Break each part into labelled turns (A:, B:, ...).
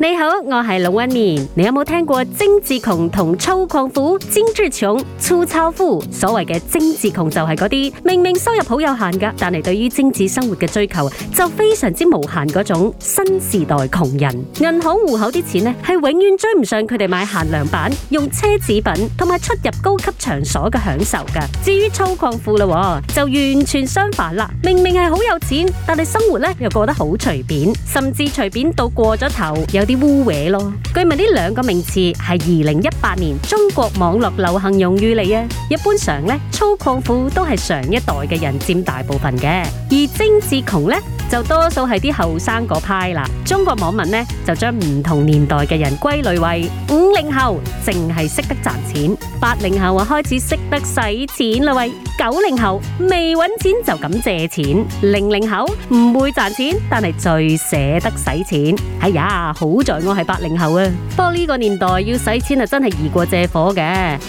A: 你好，我係龍紋敏。你有冇聽過精緻窮同粗獷富？精緻窮、粗糙富。所謂嘅精緻窮就係嗰啲明明收入好有限噶，但係對於精緻生活嘅追求就非常之無限嗰種新時代窮人。銀行戶口啲錢呢係永遠追唔上佢哋買限量版、用奢侈品同埋出入高級場所嘅享受噶。至於粗獷富嘞，就完全相反啦。明明係好有錢，但係生活呢又過得好隨便，甚至隨便到過咗頭有啲污搲咯，據聞呢兩個名詞係二零一八年中國網絡流行用語嚟啊。一般常咧，粗獷富都係上一代嘅人佔大部分嘅，而精緻窮咧就多數係啲後生嗰派啦。中國網民咧就將唔同年代嘅人歸類為五零後淨係識得賺錢，八零後啊開始識得使錢啦喂。九零後未揾錢就咁借錢，零零後唔會賺錢，但係最捨得使錢。哎呀，好在我係八零後啊！不過呢個年代要使錢啊，真係易過借火嘅。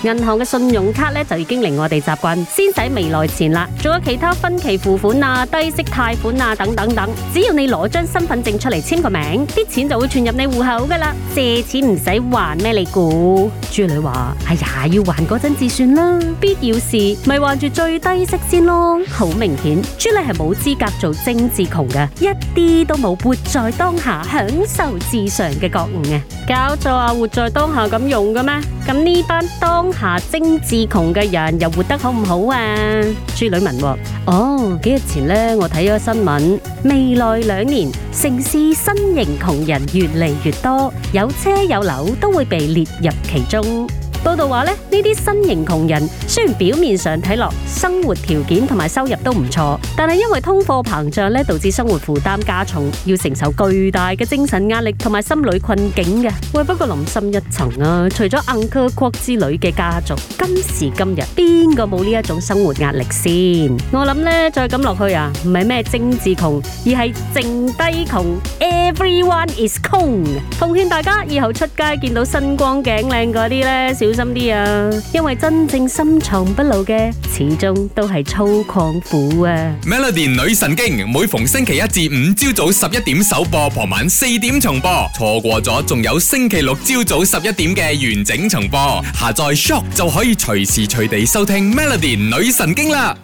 A: 銀行嘅信用卡咧就已經令我哋習慣先使未來錢啦。仲有其他分期付款啊、低息貸款啊等等等，只要你攞張身份證出嚟簽個名，啲錢就會存入你戶口噶啦。借錢唔使還咩？你估？朱女話：哎呀，要還嗰陣至算啦。必要時咪還住。最低息先咯，好明顯，朱莉係冇資格做精緻窮嘅，一啲都冇活在當下享受至上嘅覺悟嘅，搞錯啊！活在當下咁用嘅咩？咁呢班當下精緻窮嘅人又活得好唔好啊？朱女問喎，哦，幾日前呢，我睇咗新聞，未來兩年城市新型窮人越嚟越多，有車有樓都會被列入其中。報道話呢，呢啲新型窮人雖然表面上睇落生活條件同埋收入都唔錯，但係因為通貨膨脹咧，導致生活負擔加重，要承受巨大嘅精神壓力同埋心理困境嘅。喂，不過諗深一層啊，除咗 a n g 之類嘅家族，今時今日邊個冇呢一種生活壓力先？我諗咧，再咁落去啊，唔係咩精致窮，而係淨低窮。Everyone is o 窮。奉勸大家以後出街見到身光頸靚嗰啲咧，小心啲啊！因為真正深藏不露嘅，始終都係粗獷苦啊！Melody 女神經，每逢星期一至五朝早十一點首播，傍晚四點重播，錯過咗仲有星期六朝早十一點嘅完整重播。下載 Shock 就可以隨時隨地收聽 Melody 女神經啦！